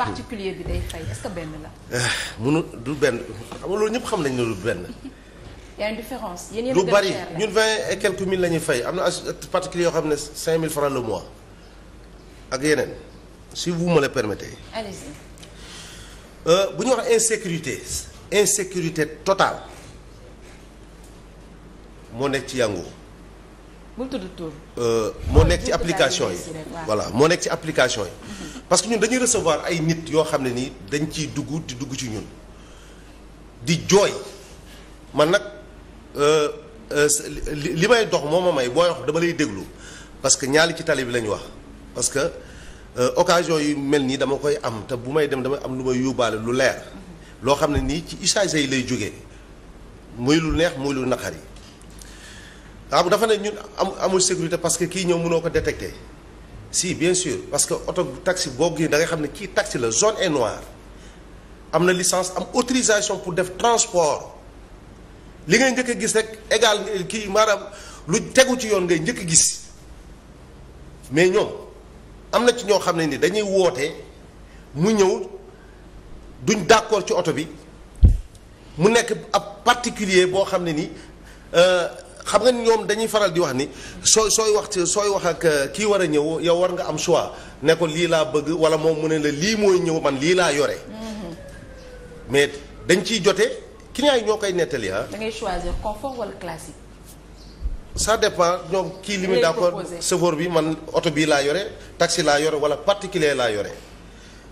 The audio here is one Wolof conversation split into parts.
particulier bi day fay est-ce que benn la. Eh, munu du benn xam loolu ñëpp xam nañ ne du benn. y a une du bari ñun vingt et quelques mille la ñuy fay am na as euh, particulier yoo xam ne cinq mille francs le mois ak yeneen si vous me le permettez. allez-y. Euh, bu ñu wax insécurité insécurité total moo nekk ci yangu bu mu tudd tur. Euh, moo ah, nekk ci application yi voilà moo nekk ci application yi. parce que ñun dañuy recevoir ay nit yoo xam ne nii dañ ciy dugg di dugg ci ñun di jooy man nag euh, euh, li may dox moo ma may booy wax dama lay déglu parce que ñaali ci tali bi lañ wax parce que occasion yu mel nii dama koy am te bu may dem damay am lu may yóbbaale lu leer loo xam ne nii ci usagers yi lay jóge muy lu neex muy lu naqar yi waaw dafa ne ñun am amul sécurité parce que kii ñëw mënoo ko détecter si bien sûr parce que oto taxi boo gi da nga xam ne kii taxi la zone est noire am na licence am autorisation pour def transport li ngay njëkk a gis rek égal kii maanaam lu tegu ci yoon ngay njëkk a gis mais ñoom am na ci ñoo xam ne ni dañuy woote mu ñëw duñ d'accord ci oto bi mu nekk ab particulier boo xam ne ni. Euh, xam nga ni ñoom dañuy faral di wax ni sooy sooy wax sooy wax ak euh, kii war a ñëw yow war nga am choix ne ko lii laa bëgg wala moom mu ne la lii mooy ñëw man lii laa yore. Mm-hmm. mais dañ ciy jote client yi ñoo koy nettali ah. da ngay choisir confort wala classique. dépend ñoom kii li muy d'accord chauffeur bi man oto bii laa yore taxi laa yore wala particulier laa yore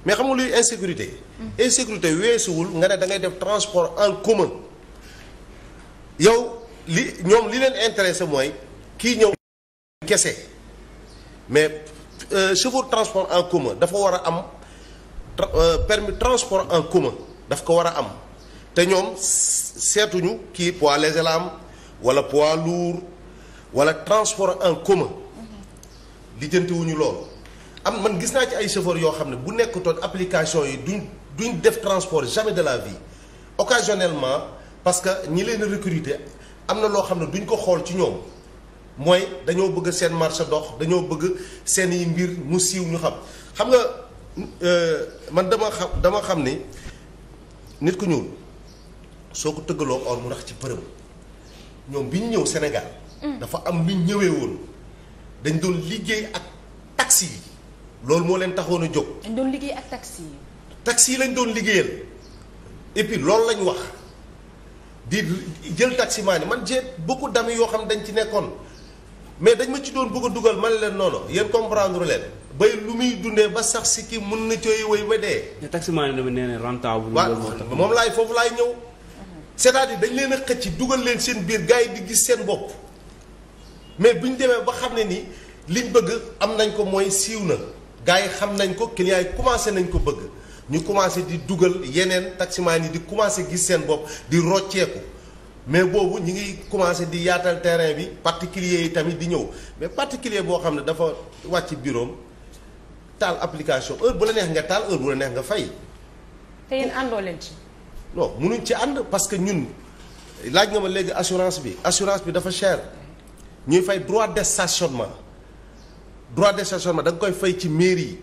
mais xam nga luy insécurité. Mm-hmm. insécurité weesuwul nga ne da ngay def transport en commun yow. li ñoom li leen intéressé mooy kii ñëw kese mais euh, chauffeur transport en commun dafa war a am euh, permis transport en commun daf ko war a am te ñoom seetuñu kii poids léger la am wala poids lourd wala transport en commun lijjantiwuñu loolu am man gis naa ci ay chauffeur yoo xam ne bu nekkutoon application yi duñ duñ def transport jamais de la vie occasionnellement parce que ñi leen recruter am na loo xam ne duñ ko xool ci ñoom mooy dañoo bëgg seen marché dox dañoo bëgg seen i mbir mu siiw ñu xam xam nga euh, man dama xam dama xam ne nit ku ñuul soo ko tëggaloo or mu rax ci përëm ñoom bi ñu ñëw Sénégal. Mm. dafa am lu ñëwee woon dañ doon liggéey ak taxi yi loolu moo leen taxoon a jóg. dañ doon liggéey ak taxi yi. taxi yi lañ doon liggéeyal et loolu lañ wax. di jël taximaan yi man j'ai beaucoup d'amis yoo xam dañ ci nekkoon mais dañ ma ci doon bëgg a dugal man leen noonu yéen comprendre leen bay lu muy dundee ba sax si kii mën na cooy way ba dee. mais taximaan yi dama nee ne rentable. waaw moom laay foofu laay ñëw. c'est-à-dire dañ leen a xëcc dugal leen seen biir gars yi di gis seen bopp mais bu ñu demee ba xam ne ni liñ bëgg am nañ ko mooy siiw na gars yi xam nañ ko clients yi commencé nañ ko bëgg. ñu commencé di dugal yeneen taximaan yi di commencé gis seen bopp di rocceeku mais boobu ñu ngi commencé di yaatal terrain bi particulier yi tamit di ñëw mais particulier boo xam ne dafa wàcc bureau taal application heure bu la neex nga taal heure bu la neex nga fay. te yéen àndoo leen ci. munuñ ci ànd parce que ñun laaj nga ma léegi assurance bi assurance bi dafa cher ñuy fay droit de stationnement droit de stationnement da nga koy fay ci mairie yi.